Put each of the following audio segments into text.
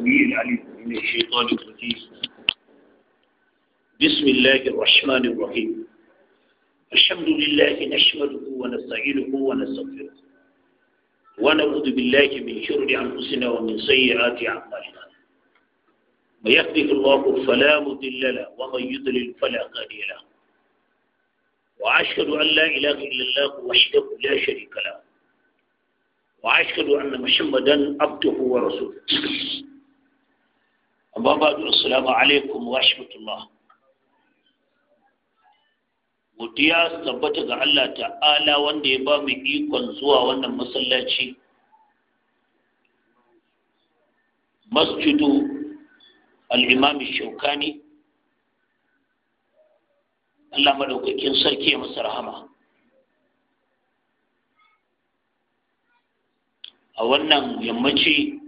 السميع من الشيطان الرجيم بسم الله الرحمن الرحيم الحمد لله نشهده ونستعينه ونستغفره ونعوذ بالله من شر انفسنا ومن سيئات اعمالنا من يهده الله فلا مضل له ومن يضلل فلا هادي له واشهد ان لا اله الا الله وحده لا شريك له وأشهد أن محمدا عبده ورسوله amma ba da assalamu alaikum wa rahmatullah godiya tabbata ga Allah ta'ala wanda ya ba mu ikon zuwa wannan masallaci masjidu al-imam shaukani Allah madaukakin sarki ya masa rahama a wannan yammaci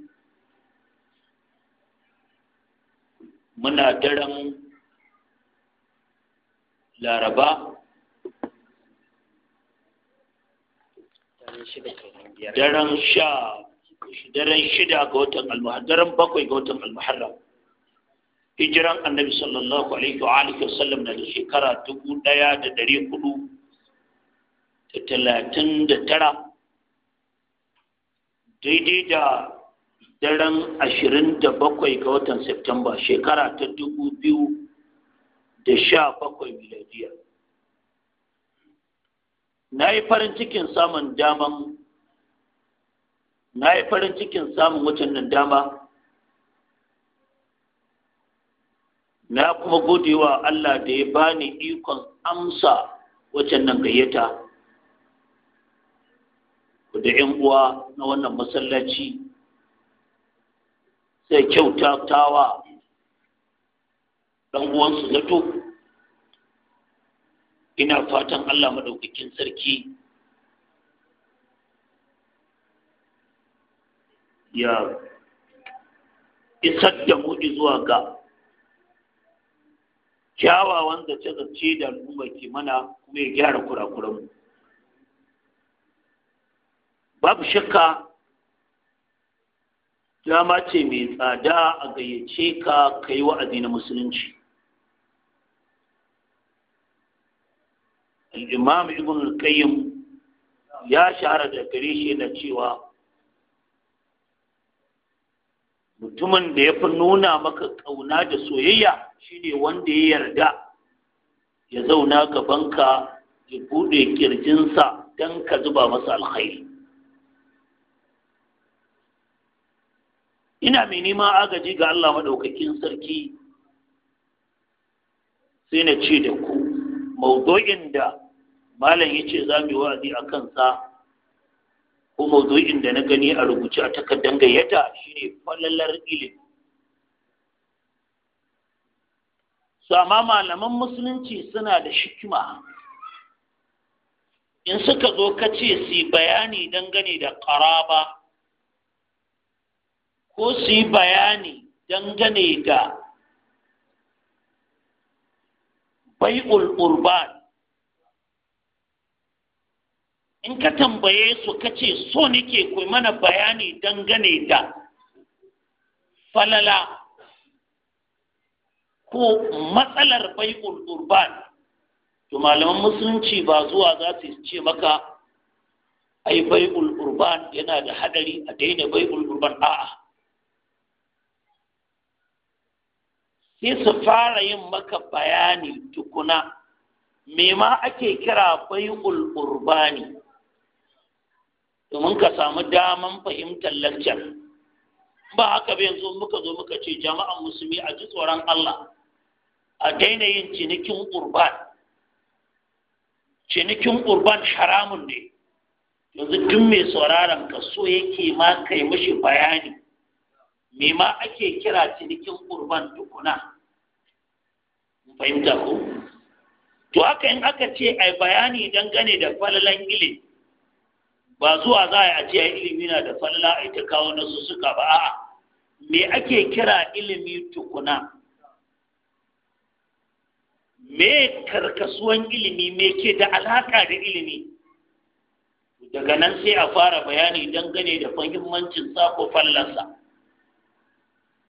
muna daren laraba daren sha daren shida ga watan almuhar daren bakwai ga watan almuhar hijiran annabi sallallahu alaihi wa alihi wasallam na da shekara dubu ɗaya da ɗari hudu da talatin da tara daidai da daren ashirin da bakwai ga watan Septemba shekara ta dubu biyu da sha bakwai miladiya. Na yi farin cikin samun daman na yi farin cikin samun nan dama na kuma godewa Allah da ya bani ikon amsa nan gayyata da 'yan uwa na wannan masallaci da tawa ɗan uwansu zato ina fatan Allah maɗaukakin sarki ya isar da muɗi zuwa ga kyawawan zace-zace da al'umma ke mana kuma ya gyara kurakuranmu babu shakka dama ce mai tsada a gayyace ka ka yi wa'azi na musulunci al'imam ibn al-qayyim ya shahara da gare shi na cewa mutumin da ya fi nuna maka ƙauna da soyayya shine wanda ya yarda ya zauna gabanka ya buɗe ƙirjinsa don ka zuba masa alkhairi ina mai neman agaji ga Allah maɗaukakin sarki sai na ce da ku maudu'in da malam ya ce za mu yi wa'azi a kansa ko maudu'in da na gani a rubuce a takardar gayyata shine falalar ilimi su amma malaman musulunci suna da shikima in suka zo kace ce su bayani dangane da ƙaraba ko su yi bayani dangane ga bai'ul urban in ka tambaye su ka ce so nake ku mana bayani dangane da falala ko matsalar bai'ul urban to malaman musulunci ba zuwa za su ce maka ai bai'ul urban yana da hadari a daina bai'ul urban a'a sai su fara yin maka bayani tukuna me ma ake kira bai urbani domin ka samu daman fahimtar lakcar ba haka bai yanzu muka zo muka ce jama'an musulmi a ji tsoron Allah a daina yin cinikin urban cinikin urban haramun ne yanzu duk mai sauraron ka so yake ma kai mashi bayani me ma ake kira cinikin urban tukuna fahimta ko to aka in aka ce ai bayani dangane da falalan ilimi ba zuwa za a ce ilimi na da falala a ta kawo na su suka ba a'a me ake kira ilimi tukuna me karkasuwan ilimi me ke da alaka da ilimi daga nan sai a fara bayani dangane da fahimmancin sa ko fallansa